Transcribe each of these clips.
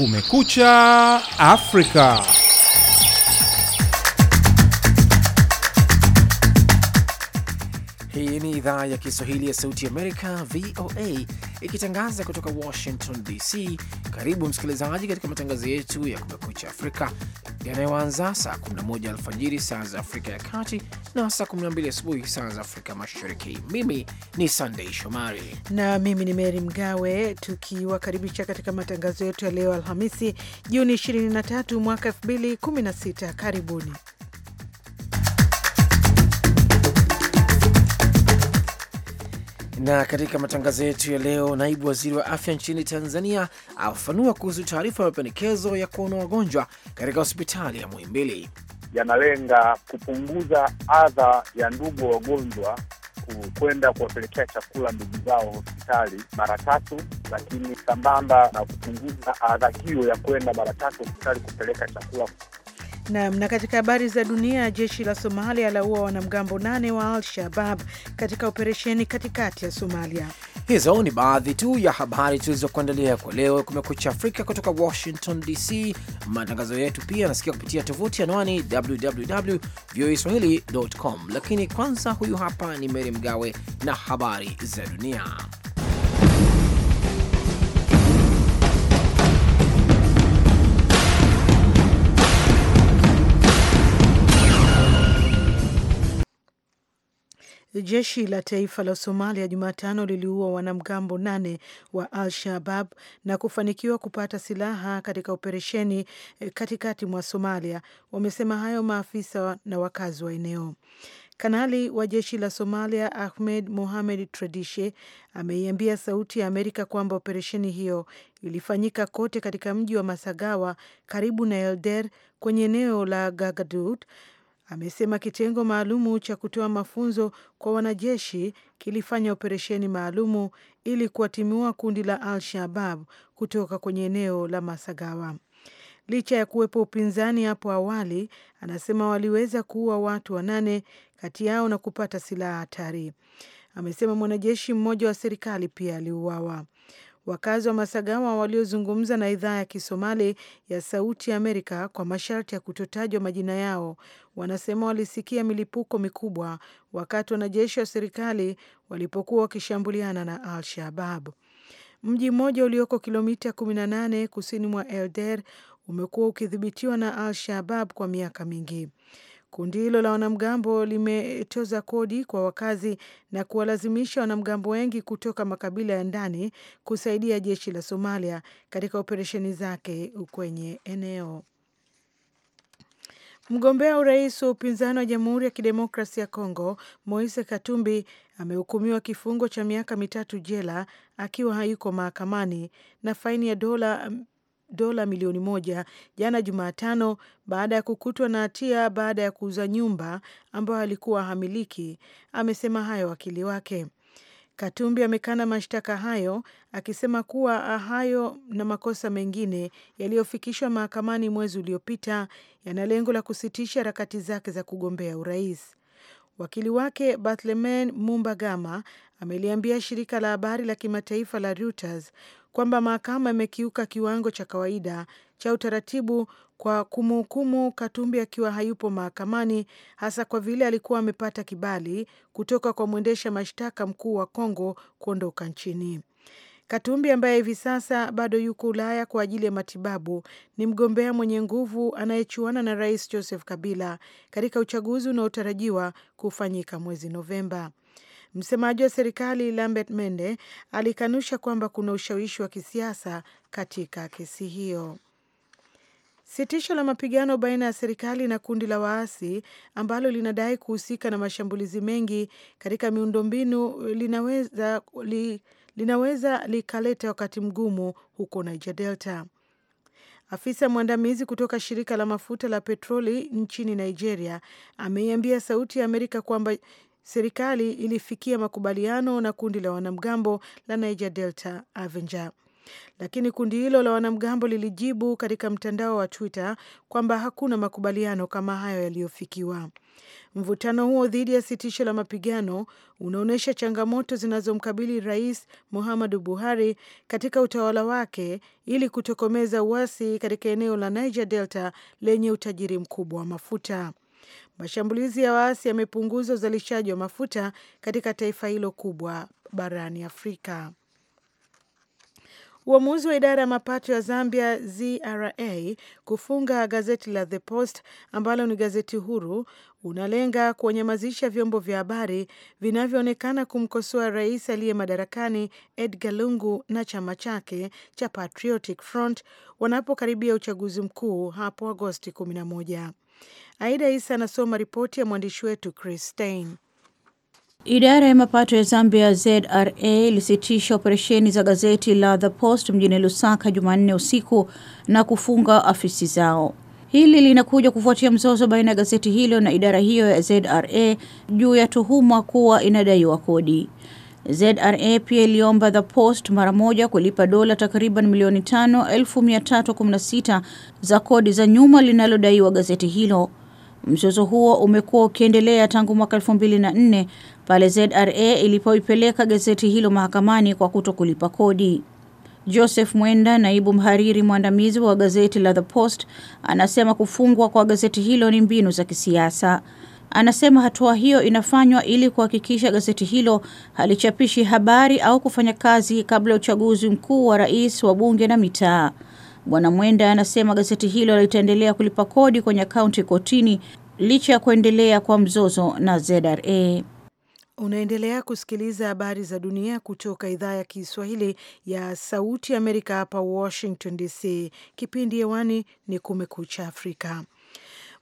Kumekucha Afrika. Hii ni idhaa ya Kiswahili ya Sauti Amerika, VOA ikitangaza kutoka Washington DC. Karibu msikilizaji katika matangazo yetu ya Kumekucha Afrika yanayoanza saa 11 alfajiri saa za Afrika ya Kati na saa 12 asubuhi saa za Afrika Mashariki. Mimi ni Sandei Shomari na mimi ni Meri Mgawe, tukiwakaribisha katika matangazo yetu ya leo Alhamisi, Juni 23 mwaka 2016. Karibuni. Na katika matangazo yetu ya leo, naibu waziri wa afya nchini Tanzania afafanua kuhusu taarifa ya mapendekezo ya kuona wagonjwa katika hospitali ya Muhimbili yanalenga kupunguza adha ya ndugu wa wagonjwa kwenda kuwapelekea chakula ndugu zao hospitali mara tatu, lakini sambamba na kupunguza adha hiyo ya kwenda mara tatu hospitali kupeleka chakula Naam. Na katika habari za dunia, jeshi la Somalia laua wanamgambo nane wa Al Shabab katika operesheni katikati ya Somalia. Hizo ni baadhi tu ya habari tulizokuandalia kwa leo. Kumekucha Afrika kutoka Washington DC. Matangazo yetu pia yanasikia kupitia tovuti anwani www voa swahili com, lakini kwanza, huyu hapa ni mary Mgawe na habari za dunia. Jeshi la taifa la Somalia Jumatano liliua wanamgambo nane wa Al Shabab na kufanikiwa kupata silaha katika operesheni eh, katikati mwa Somalia. Wamesema hayo maafisa na wakazi wa eneo. Kanali wa jeshi la Somalia Ahmed Mohamed Tradishe ameiambia Sauti ya Amerika kwamba operesheni hiyo ilifanyika kote katika mji wa Masagawa karibu na Elder kwenye eneo la Gagadud amesema kitengo maalumu cha kutoa mafunzo kwa wanajeshi kilifanya operesheni maalumu ili kuwatimua kundi la Al-Shabab kutoka kwenye eneo la Masagawa. Licha ya kuwepo upinzani hapo awali, anasema waliweza kuua watu wanane kati yao na kupata silaha hatari. Amesema mwanajeshi mmoja wa serikali pia aliuawa. Wakazi wa Masagawa waliozungumza na idhaa ya Kisomali ya Sauti ya Amerika kwa masharti ya kutotajwa majina yao wanasema walisikia milipuko mikubwa wakati wanajeshi wa serikali walipokuwa wakishambuliana na Al Shabab. Mji mmoja ulioko kilomita 18 kusini mwa Elder umekuwa ukidhibitiwa na Al Shabab kwa miaka mingi. Kundi hilo la wanamgambo limetoza kodi kwa wakazi na kuwalazimisha wanamgambo wengi kutoka makabila ya ndani kusaidia jeshi la Somalia katika operesheni zake kwenye eneo. Mgombea urais wa upinzani wa Jamhuri ya Kidemokrasi ya Kongo Moise Katumbi amehukumiwa kifungo cha miaka mitatu jela akiwa hayuko mahakamani na faini ya dola dola milioni moja jana Jumatano baada ya kukutwa na hatia baada ya kuuza nyumba ambayo alikuwa hamiliki. Amesema hayo wakili wake. Katumbi amekana mashtaka hayo akisema kuwa hayo na makosa mengine yaliyofikishwa mahakamani mwezi uliopita yana lengo la kusitisha harakati zake za kugombea urais. Wakili wake mumba Mumbagama ameliambia shirika la habari la kimataifa la Reuters kwamba mahakama imekiuka kiwango cha kawaida cha utaratibu kwa kumhukumu Katumbi akiwa hayupo mahakamani, hasa kwa vile alikuwa amepata kibali kutoka kwa mwendesha mashtaka mkuu wa Kongo kuondoka nchini. Katumbi ambaye hivi sasa bado yuko Ulaya kwa ajili ya matibabu ni mgombea mwenye nguvu anayechuana na Rais Joseph Kabila katika uchaguzi unaotarajiwa kufanyika mwezi Novemba. Msemaji wa serikali Lambert Mende alikanusha kwamba kuna ushawishi wa kisiasa katika kesi hiyo. Sitisho la mapigano baina ya serikali na kundi la waasi ambalo linadai kuhusika na mashambulizi mengi katika miundombinu linaweza, li, linaweza likaleta wakati mgumu huko Niger Delta. Afisa mwandamizi kutoka shirika la mafuta la petroli nchini Nigeria ameiambia Sauti ya Amerika kwamba serikali ilifikia makubaliano na kundi la wanamgambo la Niger Delta Avenger, lakini kundi hilo la wanamgambo lilijibu katika mtandao wa Twitter kwamba hakuna makubaliano kama hayo yaliyofikiwa. Mvutano huo dhidi ya sitisho la mapigano unaonyesha changamoto zinazomkabili Rais Muhammadu Buhari katika utawala wake ili kutokomeza uasi katika eneo la Niger Delta lenye utajiri mkubwa wa mafuta. Mashambulizi ya waasi yamepunguza uzalishaji wa mafuta katika taifa hilo kubwa barani Afrika. Uamuzi wa idara ya mapato ya Zambia ZRA kufunga gazeti la The Post ambalo ni gazeti huru unalenga kuwanyamazisha vyombo vya habari vinavyoonekana kumkosoa rais aliye madarakani Edgar Lungu na chama chake cha Patriotic Front wanapokaribia uchaguzi mkuu hapo Agosti 11. Aida Isa anasoma ripoti ya mwandishi wetu Chris Stein. Idara ya mapato ya Zambia ZRA ilisitisha operesheni za gazeti la The Post mjini Lusaka Jumanne usiku na kufunga afisi zao. Hili linakuja kufuatia mzozo baina ya gazeti hilo na idara hiyo ya ZRA juu ya tuhuma kuwa inadaiwa kodi. ZRA pia iliomba The Post mara moja kulipa dola takriban milioni tano sita za kodi za nyuma linalodaiwa gazeti hilo. Mzozo huo umekuwa ukiendelea tangu mwaka elfu nne pale ZRA ilipoipeleka gazeti hilo mahakamani kwa kuto kulipa kodi. Joseph Mwenda, naibu mhariri mwandamizi wa gazeti la The Post, anasema kufungwa kwa gazeti hilo ni mbinu za kisiasa. Anasema hatua hiyo inafanywa ili kuhakikisha gazeti hilo halichapishi habari au kufanya kazi kabla ya uchaguzi mkuu wa rais wa bunge na mitaa. Bwana Mwenda anasema gazeti hilo litaendelea kulipa kodi kwenye akaunti kotini licha ya kuendelea kwa mzozo na ZRA. Unaendelea kusikiliza habari za dunia kutoka idhaa ya Kiswahili ya Sauti Amerika hapa Washington DC. Kipindi hewani ni Kumekucha Afrika.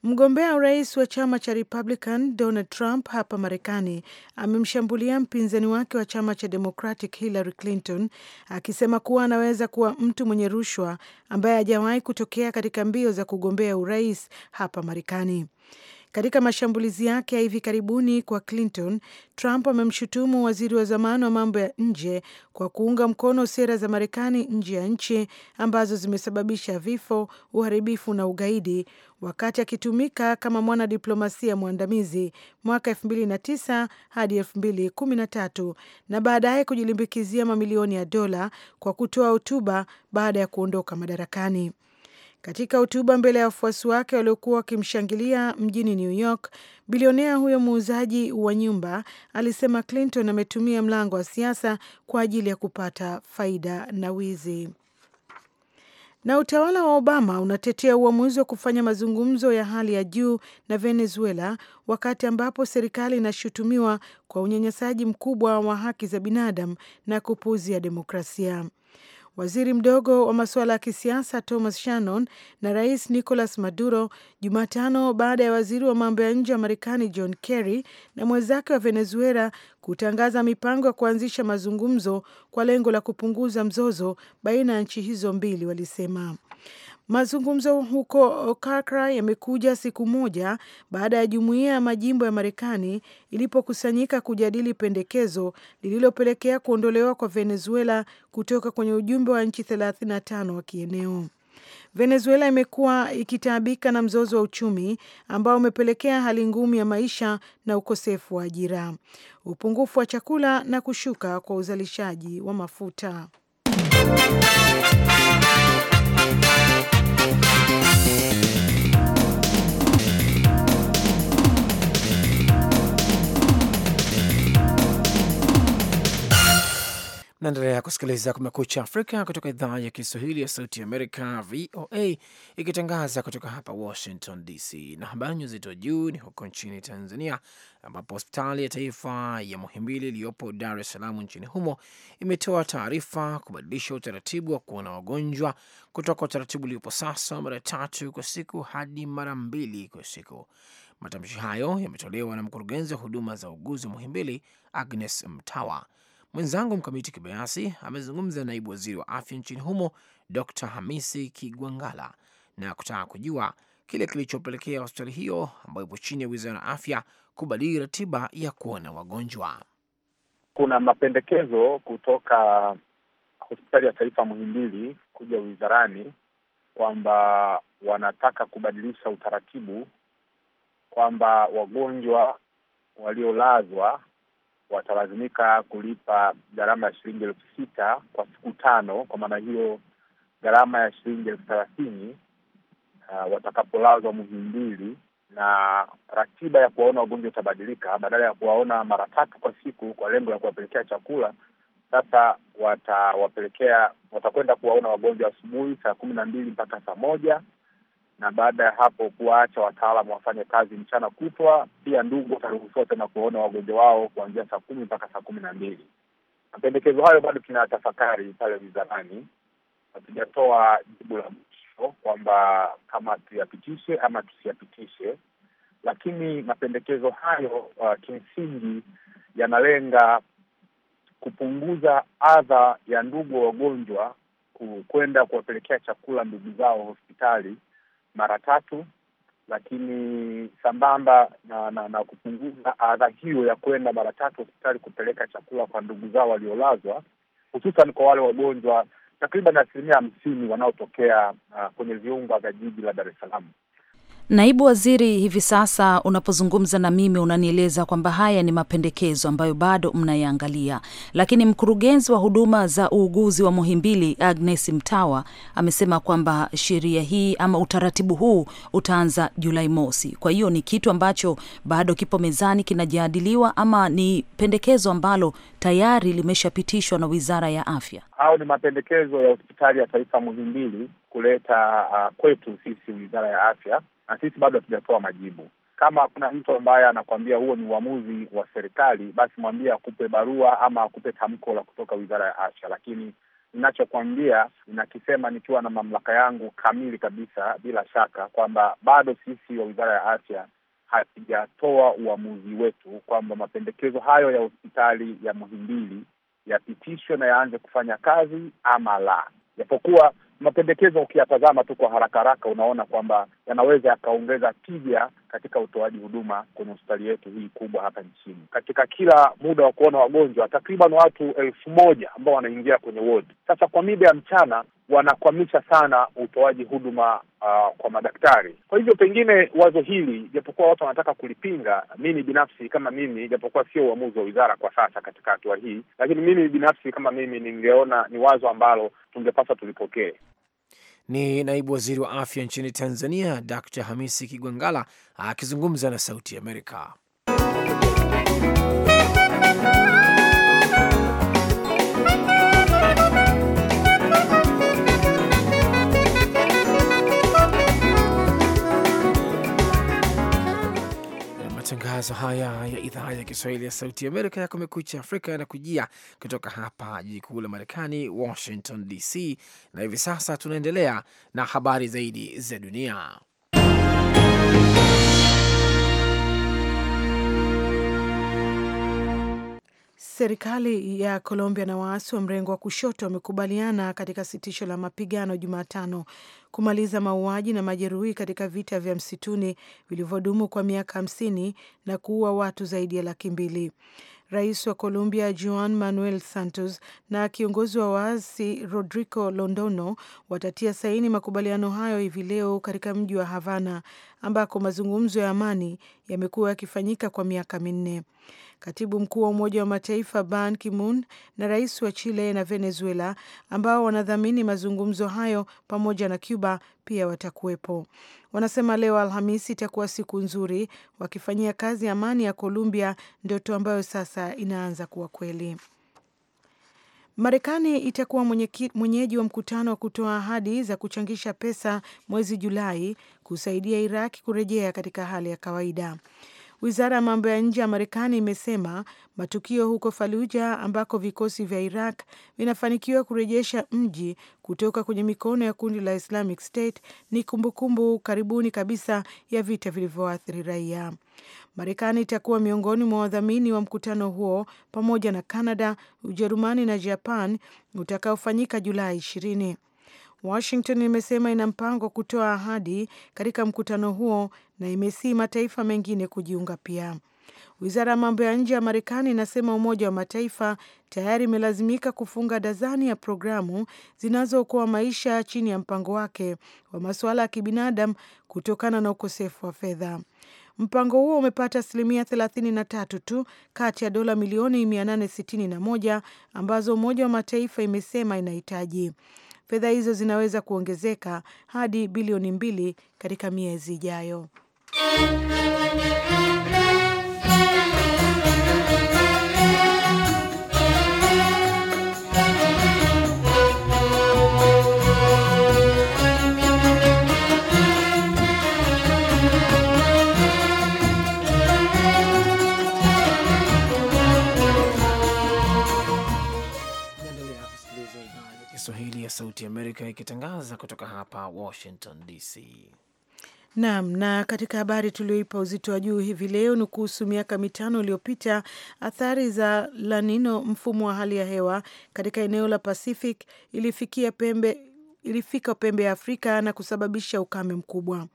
Mgombea urais wa chama cha Republican Donald Trump hapa Marekani amemshambulia mpinzani wake wa chama cha Democratic Hillary Clinton akisema kuwa anaweza kuwa mtu mwenye rushwa ambaye hajawahi kutokea katika mbio za kugombea urais hapa Marekani. Katika mashambulizi yake ya hivi karibuni kwa Clinton, Trump amemshutumu waziri wa zamani wa mambo ya nje kwa kuunga mkono sera za Marekani nje ya nchi ambazo zimesababisha vifo, uharibifu na ugaidi, wakati akitumika kama mwanadiplomasia mwandamizi mwaka 2009 hadi 2013 na baadaye kujilimbikizia mamilioni ya dola kwa kutoa hotuba baada ya kuondoka madarakani. Katika hotuba mbele ya wafuasi wake waliokuwa wakimshangilia mjini New York, bilionea huyo muuzaji wa nyumba alisema Clinton ametumia mlango wa siasa kwa ajili ya kupata faida na wizi. Na utawala wa Obama unatetea uamuzi wa kufanya mazungumzo ya hali ya juu na Venezuela wakati ambapo serikali inashutumiwa kwa unyanyasaji mkubwa wa haki za binadamu na kupuuzia demokrasia. Waziri mdogo wa masuala ya kisiasa Thomas Shannon na Rais Nicolas Maduro Jumatano baada ya waziri wa mambo ya nje wa Marekani John Kerry na mwenzake wa Venezuela kutangaza mipango ya kuanzisha mazungumzo kwa lengo la kupunguza mzozo baina ya nchi hizo mbili, walisema. Mazungumzo huko okakra yamekuja siku moja baada ya jumuiya ya majimbo ya Marekani ilipokusanyika kujadili pendekezo lililopelekea kuondolewa kwa Venezuela kutoka kwenye ujumbe wa nchi 35 wa kieneo. Venezuela imekuwa ikitaabika na mzozo wa uchumi ambao umepelekea hali ngumu ya maisha na ukosefu wa ajira, upungufu wa chakula na kushuka kwa uzalishaji wa mafuta. Naendelea kusikiliza Kumekucha Afrika kutoka idhaa ya Kiswahili ya Sauti Amerika, VOA, ikitangaza kutoka hapa Washington DC. Na habari nyuzito juu ni huko nchini Tanzania, ambapo hospitali ya taifa ya Muhimbili iliyopo Dar es Salaam nchini humo imetoa taarifa kubadilisha utaratibu wa kuona wagonjwa kutoka utaratibu uliopo sasa mara tatu kwa siku hadi mara mbili kwa siku. Matamshi hayo yametolewa na mkurugenzi wa huduma za uguzi Muhimbili, Agnes Mtawa Mwenzangu Mkamiti Kibayasi amezungumza na naibu waziri wa afya nchini humo Dr Hamisi Kigwangala na kutaka kujua kile kilichopelekea hospitali hiyo ambayo ipo chini ya wizara ya afya kubadili ratiba ya kuona wagonjwa. Kuna mapendekezo kutoka hospitali ya taifa Muhimbili kuja wizarani kwamba wanataka kubadilisha utaratibu kwamba wagonjwa waliolazwa watalazimika kulipa gharama ya shilingi elfu sita kwa siku tano. Kwa maana hiyo gharama ya shilingi elfu thelathini uh, watakapolazwa Muhimbili, na ratiba ya kuwaona wagonjwa itabadilika. Badala ya kuwaona mara tatu kwa siku kwa lengo la kuwapelekea chakula, sasa watawapelekea watakwenda kuwaona wagonjwa asubuhi saa kumi na mbili mpaka saa moja na baada ya hapo kuwaacha wataalamu wafanye kazi mchana kutwa. Pia ndugu wataruhusiwa tena kuwaona wagonjwa wao kuanzia saa kumi mpaka saa kumi na mbili. Mapendekezo hayo bado tafakari pale wizarani, hatujatoa jibu la mwisho kwamba kama tuyapitishe ama tusiyapitishe, lakini mapendekezo hayo uh, kimsingi yanalenga kupunguza adha ya ndugu wagonjwa kwenda kuwapelekea chakula ndugu zao hospitali mara tatu, lakini sambamba na, na, na kupunguza adha hiyo ya kwenda mara tatu hospitali kupeleka chakula kwa ndugu zao waliolazwa, hususan kwa wale wagonjwa takriban asilimia hamsini wanaotokea uh, kwenye viunga vya jiji la Dar es Salaam. Naibu Waziri, hivi sasa unapozungumza na mimi unanieleza kwamba haya ni mapendekezo ambayo bado mnayaangalia, lakini mkurugenzi wa huduma za uuguzi wa Muhimbili Agnes Mtawa amesema kwamba sheria hii ama utaratibu huu utaanza Julai mosi. Kwa hiyo ni kitu ambacho bado kipo mezani kinajadiliwa, ama ni pendekezo ambalo tayari limeshapitishwa na Wizara ya Afya au ni mapendekezo ya Hospitali ya Taifa Muhimbili kuleta uh, kwetu sisi wizara ya afya, na sisi bado hatujatoa majibu. Kama kuna mtu ambaye anakuambia huo ni uamuzi wa serikali, basi mwambie akupe barua ama akupe tamko la kutoka wizara ya afya, lakini ninachokwambia nakisema nikiwa na mamlaka yangu kamili kabisa, bila shaka kwamba bado sisi wa wizara ya afya hatujatoa uamuzi wetu kwamba mapendekezo hayo ya hospitali ya Muhimbili yapitishwe na yaanze kufanya kazi ama la, japokuwa mapendekezo ukiyatazama tu kwa haraka haraka unaona kwamba yanaweza yakaongeza tija katika utoaji huduma kwenye hospitali yetu hii kubwa hapa nchini. Katika kila muda wa kuona wagonjwa takriban watu elfu moja ambao wanaingia kwenye wodi. Sasa kwa mida ya mchana wanakwamisha sana utoaji huduma uh, kwa madaktari. Kwa hivyo pengine wazo hili, japokuwa watu wanataka kulipinga, mimi binafsi kama mimi, japokuwa sio uamuzi wa wizara kwa sasa katika hatua hii, lakini mimi binafsi kama mimi ningeona ni wazo ambalo tungepaswa tulipokee. Ni naibu waziri wa afya nchini Tanzania, Dr Hamisi kigwangala akizungumza na Sauti Amerika. matangazo haya ya idhaa ya Kiswahili ya Sauti Amerika ya Kumekucha Afrika yanakujia kutoka hapa jiji kuu la Marekani, Washington DC, na hivi sasa tunaendelea na habari zaidi za dunia. Serikali ya Colombia na waasi wa mrengo wa kushoto wamekubaliana katika sitisho la mapigano Jumatano kumaliza mauaji na majeruhi katika vita vya msituni vilivyodumu kwa miaka hamsini na kuua watu zaidi ya laki mbili. Rais wa Colombia Juan Manuel Santos na kiongozi wa waasi Rodrigo Londono watatia saini makubaliano hayo hivi leo katika mji wa Havana ambako mazungumzo ya amani yamekuwa yakifanyika kwa miaka minne. Katibu mkuu wa Umoja wa Mataifa Ban Ki-moon na rais wa Chile na Venezuela ambao wanadhamini mazungumzo hayo pamoja na Cuba pia watakuwepo. Wanasema leo Alhamisi itakuwa siku nzuri wakifanyia kazi amani ya Colombia, ndoto ambayo sasa inaanza kuwa kweli. Marekani itakuwa mwenyeji wa mkutano wa kutoa ahadi za kuchangisha pesa mwezi Julai kusaidia Iraq kurejea katika hali ya kawaida. Wizara ya mambo ya nje ya Marekani imesema matukio huko Faluja ambako vikosi vya Iraq vinafanikiwa kurejesha mji kutoka kwenye mikono ya kundi la Islamic State ni kumbukumbu karibuni kabisa ya vita vilivyoathiri raia. Marekani itakuwa miongoni mwa wadhamini wa mkutano huo pamoja na canada Ujerumani na Japan utakaofanyika Julai ishirini. Washington imesema ina mpango wa kutoa ahadi katika mkutano huo na imesii mataifa mengine kujiunga pia. Wizara ya mambo ya nje ya Marekani inasema Umoja wa Mataifa tayari imelazimika kufunga dazani ya programu zinazookoa maisha chini ya mpango wake wa masuala ya kibinadamu kutokana na ukosefu wa fedha. Mpango huo umepata asilimia 33 tu kati ya dola milioni 861 ambazo Umoja wa Mataifa imesema inahitaji. Fedha hizo zinaweza kuongezeka hadi bilioni mbili katika miezi ijayo. Sauti Amerika ikitangaza kutoka hapa Washington DC. Naam, na katika habari tulioipa uzito wa juu hivi leo ni kuhusu miaka mitano iliyopita, athari za La Nino, mfumo wa hali ya hewa katika eneo la Pacific ilifikia pembe ilifika pembe ya Afrika na kusababisha ukame mkubwa.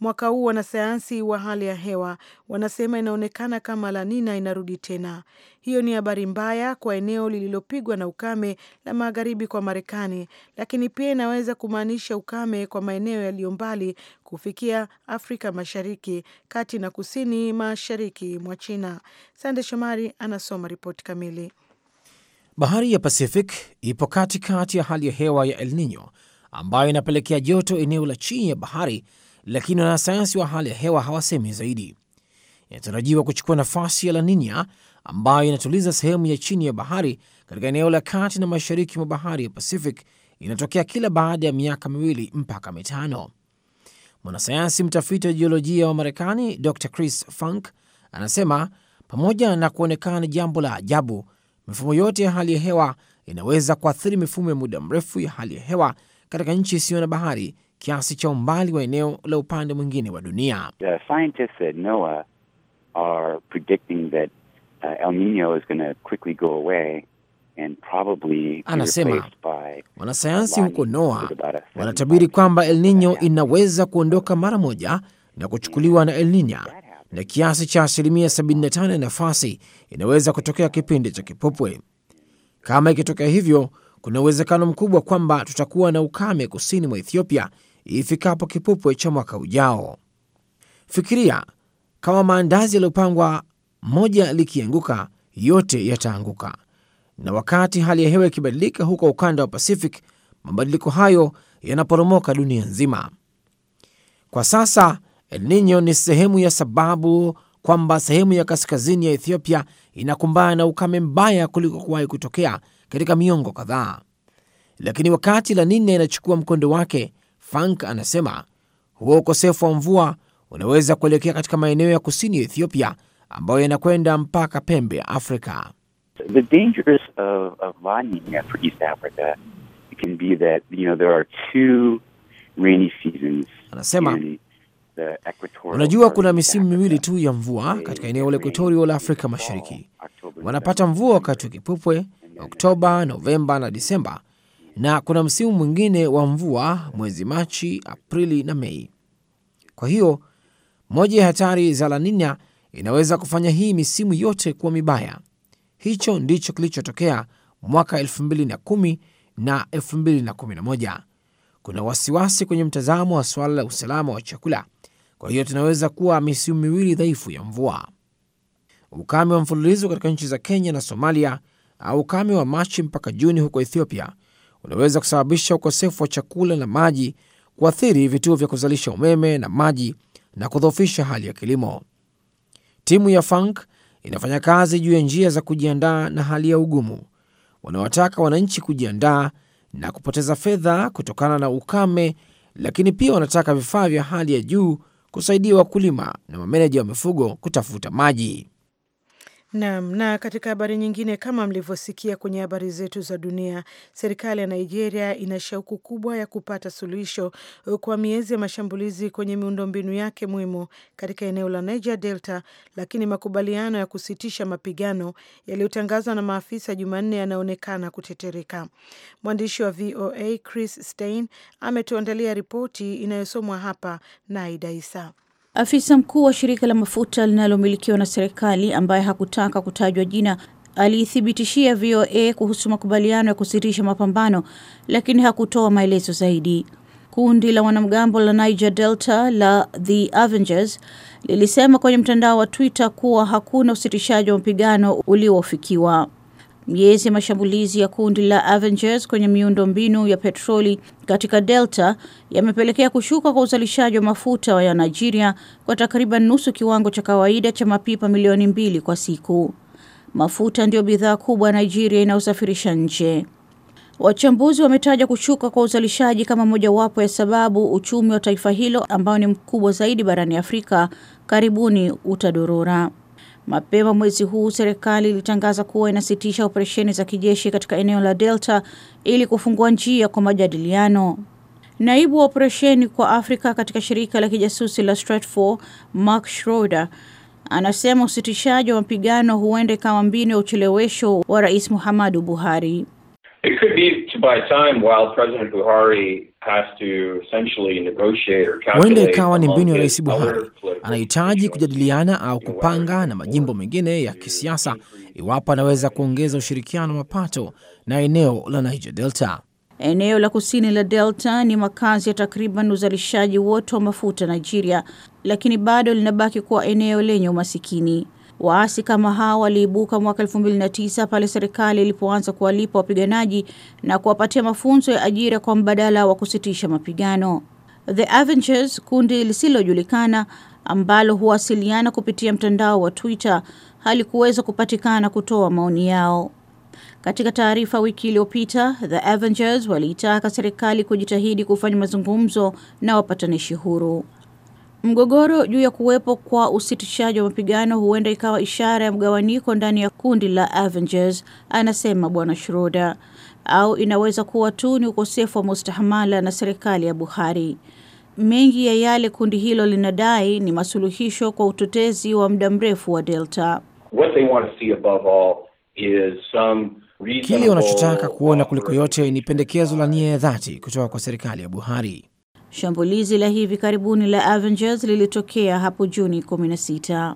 Mwaka huu wanasayansi wa hali ya hewa wanasema inaonekana kama La Nina inarudi tena. Hiyo ni habari mbaya kwa eneo lililopigwa na ukame la magharibi kwa Marekani, lakini pia inaweza kumaanisha ukame kwa maeneo yaliyo mbali kufikia Afrika Mashariki, kati na kusini mashariki mwa China. Sande Shomari anasoma ripoti kamili. Bahari ya Pacific ipo katikati ya hali ya hewa ya El Nino ambayo inapelekea joto eneo la chini ya bahari, lakini wanasayansi wa hali ya hewa hawasemi zaidi. Inatarajiwa kuchukua nafasi ya La Nina ambayo inatuliza sehemu ya chini ya bahari katika eneo la kati na mashariki mwa bahari ya Pacific. Inatokea kila baada ya miaka miwili mpaka mitano. Mwanasayansi mtafiti wa jiolojia wa Marekani Dr Chris Funk anasema pamoja na kuonekana ni jambo la ajabu, mifumo yote ya hali ya hewa inaweza kuathiri mifumo ya muda mrefu ya hali ya hewa katika nchi isiyo na bahari kiasi cha umbali wa eneo la upande mwingine wa dunia. Uh, Anasema wanasayansi huko noa wanatabiri kwamba El Nino inaweza kuondoka mara moja na kuchukuliwa na El Nina, na kiasi cha asilimia 75 ya nafasi inaweza kutokea kipindi cha kipupwe. Kama ikitokea hivyo kuna uwezekano mkubwa kwamba tutakuwa na ukame kusini mwa Ethiopia ifikapo kipupwe cha mwaka ujao. Fikiria kama maandazi yaliyopangwa moja likianguka, yote yataanguka. Na wakati hali ya hewa ikibadilika huko ukanda wa Pacific, mabadiliko hayo yanaporomoka dunia nzima. Kwa sasa El Nino ni sehemu ya sababu kwamba sehemu ya kaskazini ya Ethiopia inakumbana na ukame mbaya kuliko kuwahi kutokea katika miongo kadhaa, lakini wakati La Nina inachukua mkondo wake, fank anasema huo ukosefu wa mvua unaweza kuelekea katika maeneo ya kusini ya Ethiopia ambayo yanakwenda mpaka pembe ya Afrika. Anasema unajua, kuna misimu miwili tu ya mvua katika eneo la Ekuatorio la Afrika Mashariki. Wanapata mvua wakati wa kipupwe Oktoba, Novemba na Disemba, na kuna msimu mwingine wa mvua mwezi Machi, Aprili na Mei. Kwa hiyo moja ya hatari za La Nina inaweza kufanya hii misimu yote kuwa mibaya. Hicho ndicho kilichotokea mwaka 2010 na 2011. Kuna wasiwasi kwenye mtazamo wa suala la usalama wa chakula, kwa hiyo tunaweza kuwa misimu miwili dhaifu ya mvua. Ukame wa mfululizo katika nchi za Kenya na Somalia au ukame wa Machi mpaka Juni huko Ethiopia unaweza kusababisha ukosefu wa chakula na maji, kuathiri vituo vya kuzalisha umeme na maji na kudhoofisha hali ya kilimo. Timu ya Funk inafanya kazi juu ya njia za kujiandaa na hali ya ugumu. Wanawataka wananchi kujiandaa na kupoteza fedha kutokana na ukame, lakini pia wanataka vifaa vya hali ya juu kusaidia wakulima na mameneja wa mifugo kutafuta maji. Naam, na katika habari nyingine, kama mlivyosikia kwenye habari zetu za dunia, serikali ya Nigeria ina shauku kubwa ya kupata suluhisho kwa miezi ya mashambulizi kwenye miundombinu yake muhimu katika eneo la Niger Delta, lakini makubaliano ya kusitisha mapigano yaliyotangazwa na maafisa Jumanne yanaonekana kutetereka. Mwandishi wa VOA Chris Stein ametuandalia ripoti inayosomwa hapa na Aida Isa. Afisa mkuu wa shirika la mafuta linalomilikiwa na serikali ambaye hakutaka kutajwa jina aliithibitishia VOA kuhusu makubaliano ya kusitisha mapambano, lakini hakutoa maelezo zaidi. Kundi la wanamgambo la Niger Delta la The Avengers lilisema kwenye mtandao wa Twitter kuwa hakuna usitishaji wa mapigano uliofikiwa. Miezi ya mashambulizi ya kundi la Avengers kwenye miundo mbinu ya petroli katika Delta yamepelekea kushuka kwa uzalishaji wa mafuta ya Nigeria kwa takriban nusu kiwango cha kawaida cha mapipa milioni mbili kwa siku. Mafuta ndiyo bidhaa kubwa ya Nigeria inayosafirisha nje. Wachambuzi wametaja kushuka kwa uzalishaji kama mojawapo ya sababu uchumi wa taifa hilo ambao ni mkubwa zaidi barani Afrika karibuni utadorora. Mapema mwezi huu serikali ilitangaza kuwa inasitisha operesheni za kijeshi katika eneo la Delta ili kufungua njia kwa majadiliano. Naibu wa operesheni kwa Afrika katika shirika la kijasusi la Stratfor, Mark Schroeder, anasema usitishaji wa mapigano huenda kama mbinu ya uchelewesho wa Rais Muhammadu Buhari. It could be to buy time while President Buhari Huenda ikawa ni mbinu ya Rais Buhari, anahitaji kujadiliana au kupanga na majimbo mengine ya kisiasa iwapo anaweza kuongeza ushirikiano wa mapato na eneo la Niger Delta. Eneo la kusini la Delta ni makazi ya takriban uzalishaji wote wa mafuta Nigeria, lakini bado linabaki kuwa eneo lenye umasikini. Waasi kama hao waliibuka mwaka 2009 pale serikali ilipoanza kuwalipa wapiganaji na kuwapatia mafunzo ya ajira kwa mbadala wa kusitisha mapigano. The Avengers, kundi lisilojulikana ambalo huwasiliana kupitia mtandao wa Twitter, halikuweza kupatikana kutoa maoni yao. Katika taarifa wiki iliyopita, The Avengers waliitaka serikali kujitahidi kufanya mazungumzo na wapatanishi huru. Mgogoro juu ya kuwepo kwa usitishaji wa mapigano huenda ikawa ishara ya mgawanyiko ndani ya kundi la Avengers, anasema Bwana Shroda, au inaweza kuwa tu ni ukosefu wa mustahamala na serikali ya Buhari. Mengi ya yale kundi hilo linadai ni masuluhisho kwa utetezi wa muda mrefu wa Delta. What they want to see above all is some reasonable... Kile wanachotaka kuona kuliko yote ni pendekezo la nia ya dhati kutoka kwa serikali ya Buhari Shambulizi la hivi karibuni la Avengers lilitokea hapo Juni 16.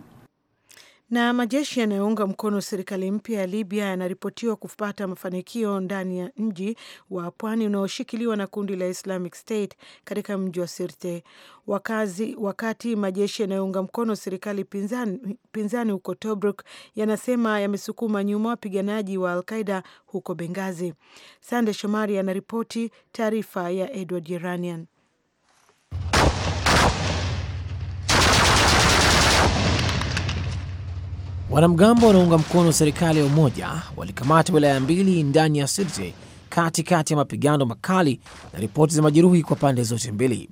Na majeshi yanayounga mkono serikali mpya ya Libya yanaripotiwa kupata mafanikio ndani ya mji wa pwani unaoshikiliwa na kundi la Islamic State katika mji wa Sirte. Wakazi, wakati majeshi yanayounga mkono serikali pinzani, pinzani huko Tobruk yanasema yamesukuma nyuma wapiganaji wa Al-Qaida huko Bengazi. Sande Shomari anaripoti taarifa ya Edward Yeranian. Wanamgambo wanaunga mkono serikali ya umoja walikamata wilaya mbili ndani ya Sirte katikati ya mapigano makali na ripoti za majeruhi kwa pande zote mbili.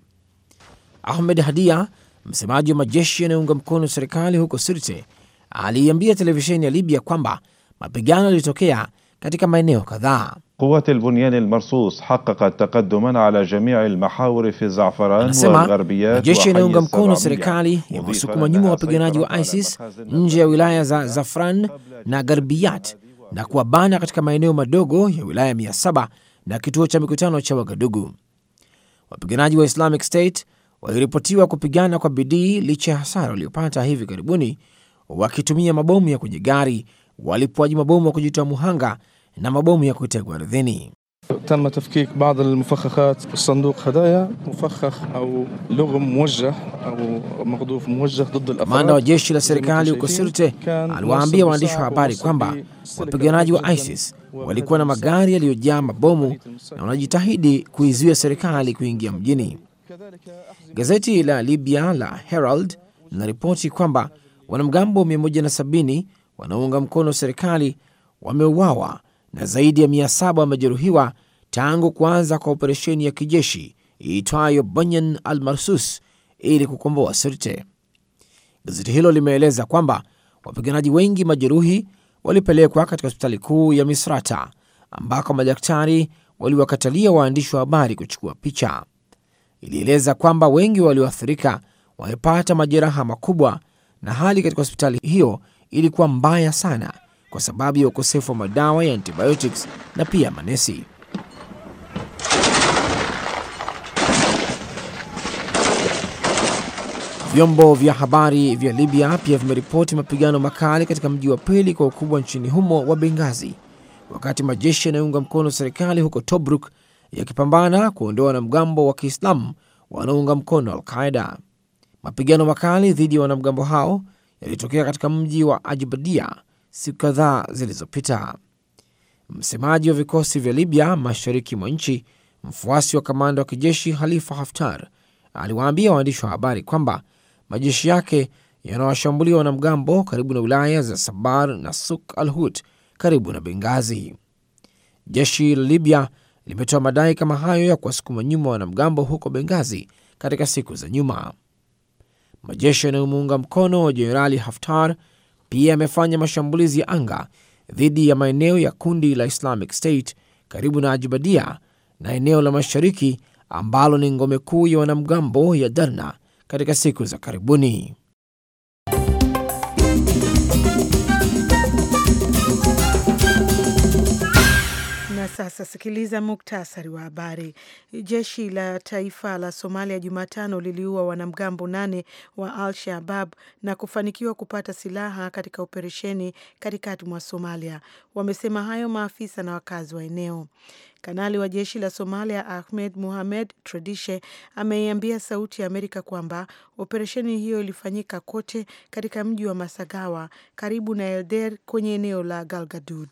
Ahmed Hadia, msemaji wa majeshi yanayounga mkono serikali huko Sirte, aliiambia televisheni ya Libya kwamba mapigano yalitokea katika maeneo kadhaa. Quwat al-bunyan al-marsus haqqaqat ala al-mahawir fi Za'faran wa al Jeshi inayounga mkono serikali yamewasukuma nyuma wapiganaji wa ISIS nje ya wilaya za zafran na Gharbiyat na kuwabana katika maeneo madogo ya wilaya 700 na kituo cha mikutano cha Wagadugu. Wapiganaji wa Islamic State waliripotiwa kupigana kwa bidii licha ya hasara waliopata hivi karibuni, wakitumia mabomu ya kwenye gari walipuaji mabomu wa kujitoa muhanga na mabomu ya kutegwa ardhini. baadhi ya بعض المفخخات hadaya هدايا au او لغم au maghduf مغضوف dhidi al الافراد. Maana wa jeshi la serikali huko Sirte aliwaambia waandishi wa habari kwamba wapiganaji wa ISIS walikuwa na magari yaliyojaa mabomu na wanajitahidi kuizuia serikali kuingia mjini. Gazeti la Libya la Herald linaripoti kwamba wanamgambo 170 wanaounga mkono serikali wameuawa na zaidi ya mia saba wamejeruhiwa tangu kuanza kwa operesheni ya kijeshi iitwayo Banyan al Marsus ili kukomboa Sirte. Gazeti hilo limeeleza kwamba wapiganaji wengi majeruhi walipelekwa katika hospitali kuu ya Misrata ambako madaktari waliwakatalia waandishi wa habari kuchukua picha. Ilieleza kwamba wengi walioathirika wamepata majeraha makubwa na hali katika hospitali hiyo ilikuwa mbaya sana kwa sababu ya ukosefu wa madawa ya antibiotics na pia manesi. Vyombo vya habari vya Libya pia vimeripoti mapigano makali katika mji wa pili kwa ukubwa nchini humo wa Benghazi, wakati majeshi yanayounga mkono serikali huko Tobruk yakipambana kuondoa wanamgambo wa Kiislamu wanaounga mkono Al Qaida. Mapigano makali dhidi ya wanamgambo hao yalitokea katika mji wa Ajibadia siku kadhaa zilizopita. Msemaji wa vikosi vya Libya mashariki mwa nchi, mfuasi wa kamanda wa kijeshi halifa Haftar, aliwaambia waandishi wa habari kwamba majeshi yake yanawashambulia wanamgambo karibu na wilaya za Sabar na Suk al Hut karibu na Bengazi. Jeshi la Libya limetoa madai kama hayo ya kuwasukuma nyuma wanamgambo huko Bengazi katika siku za nyuma. Majeshi yanayomuunga mkono Jenerali Haftar pia yamefanya mashambulizi ya anga dhidi ya maeneo ya kundi la Islamic State karibu na Ajibadia na eneo la mashariki ambalo ni ngome kuu ya wanamgambo ya Darna katika siku za karibuni. sasa sikiliza muktasari wa habari. Jeshi la taifa la Somalia Jumatano liliua wanamgambo nane wa Al Shabab na kufanikiwa kupata silaha katika operesheni katikati mwa Somalia. Wamesema hayo maafisa na wakazi wa eneo. Kanali wa jeshi la Somalia Ahmed Muhamed Tradishe ameiambia Sauti ya Amerika kwamba operesheni hiyo ilifanyika kote katika mji wa Masagawa karibu na Elder kwenye eneo la Galgadud.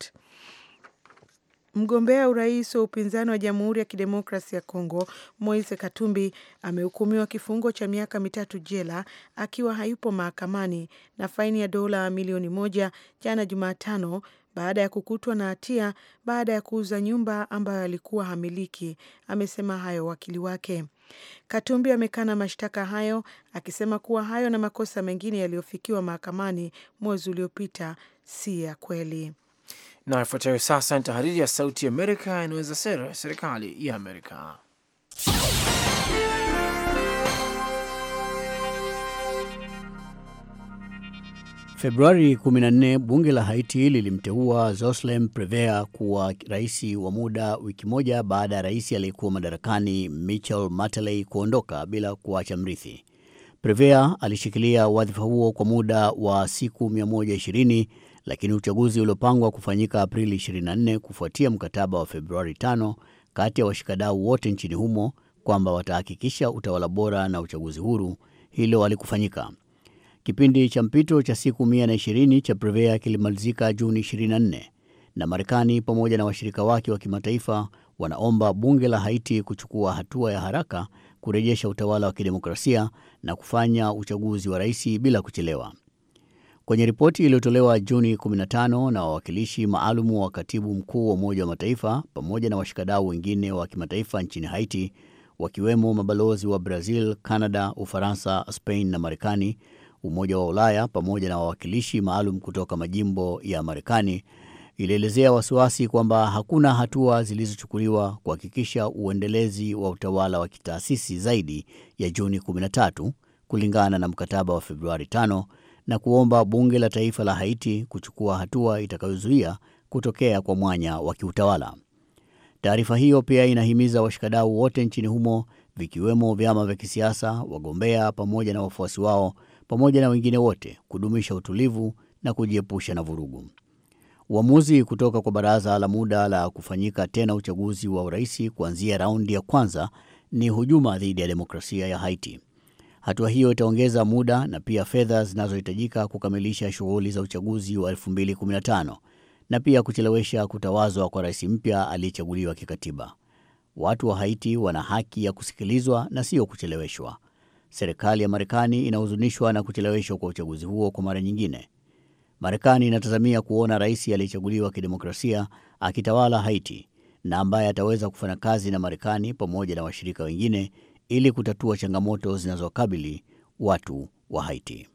Mgombea urais wa upinzani wa Jamhuri ya Kidemokrasi ya Kongo, Moise Katumbi amehukumiwa kifungo cha miaka mitatu jela akiwa hayupo mahakamani na faini ya dola milioni moja jana Jumatano baada ya kukutwa na hatia baada ya kuuza nyumba ambayo alikuwa hamiliki. Amesema hayo wakili wake. Katumbi amekana mashtaka hayo akisema kuwa hayo na makosa mengine yaliyofikiwa mahakamani mwezi uliopita si ya kweli. Na ifuatayo sasa ni tahariri ya Sauti Amerika inaweza sera ya serikali ya Amerika. Februari 14 bunge la Haiti lilimteua zoslem Prevea kuwa rais wa muda, wiki moja baada ya rais aliyekuwa madarakani Michel Martelly kuondoka bila kuacha mrithi. Prevea alishikilia wadhifa huo kwa muda wa siku 120 lakini uchaguzi uliopangwa kufanyika Aprili 24 kufuatia mkataba wa Februari 5 kati ya washikadau wote nchini humo kwamba watahakikisha utawala bora na uchaguzi huru, hilo alikufanyika. Kipindi cha mpito cha siku 120 cha Prevea kilimalizika Juni 24 na Marekani pamoja na washirika wake wa kimataifa wanaomba bunge la Haiti kuchukua hatua ya haraka kurejesha utawala wa kidemokrasia na kufanya uchaguzi wa rais bila kuchelewa. Kwenye ripoti iliyotolewa Juni 15 na wawakilishi maalum wa katibu mkuu wa Umoja wa Mataifa pamoja na washikadau wengine wa kimataifa nchini Haiti, wakiwemo mabalozi wa Brazil, Canada, Ufaransa, Spain na Marekani, Umoja wa Ulaya pamoja na wawakilishi maalum kutoka majimbo ya Marekani, ilielezea wasiwasi kwamba hakuna hatua zilizochukuliwa kuhakikisha uendelezi wa utawala wa kitaasisi zaidi ya Juni 13 kulingana na mkataba wa Februari 5 na kuomba bunge la taifa la Haiti kuchukua hatua itakayozuia kutokea kwa mwanya wa kiutawala. Taarifa hiyo pia inahimiza washikadau wote nchini humo vikiwemo vyama vya kisiasa, wagombea pamoja na wafuasi wao, pamoja na wengine wote kudumisha utulivu na kujiepusha na vurugu. Uamuzi kutoka kwa baraza la muda la kufanyika tena uchaguzi wa urais kuanzia raundi ya kwanza ni hujuma dhidi ya demokrasia ya Haiti. Hatua hiyo itaongeza muda na pia fedha zinazohitajika kukamilisha shughuli za uchaguzi wa 2015 na pia kuchelewesha kutawazwa kwa rais mpya aliyechaguliwa kikatiba. Watu wa Haiti wana haki ya kusikilizwa na sio kucheleweshwa. Serikali ya Marekani inahuzunishwa na kucheleweshwa kwa uchaguzi huo kwa mara nyingine. Marekani inatazamia kuona rais aliyechaguliwa kidemokrasia akitawala Haiti na ambaye ataweza kufanya kazi na Marekani pamoja na washirika wengine ili kutatua changamoto zinazokabili watu wa Haiti.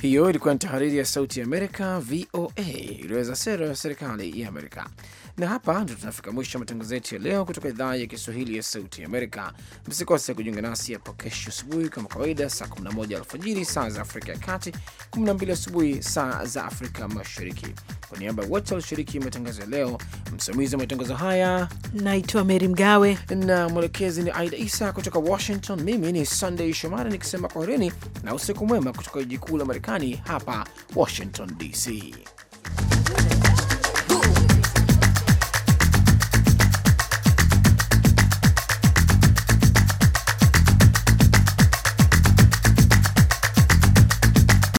Hiyo ilikuwa ni tahariri ya Sauti ya Amerika, VOA, iliweza sera ya serikali ya Amerika. Na hapa ndio tunafika mwisho matangazo yetu ya leo kutoka idhaa ya Kiswahili ya Sauti Amerika. Msikose kujiunga nasi hapo kesho asubuhi kama kawaida, saa 11 alfajiri saa za Afrika ya Kati, 12 asubuhi saa za Afrika Mashariki. Kwa niaba ya wote walishiriki matangazo ya leo, msimamizi wa matangazo haya naitwa Meri Mgawe na mwelekezi ni Aida Isa kutoka Washington. Mimi ni Sunday Shomari nikisema kwaherini na usiku mwema kutoka jiji kuu la Marekani, hapa Washington DC.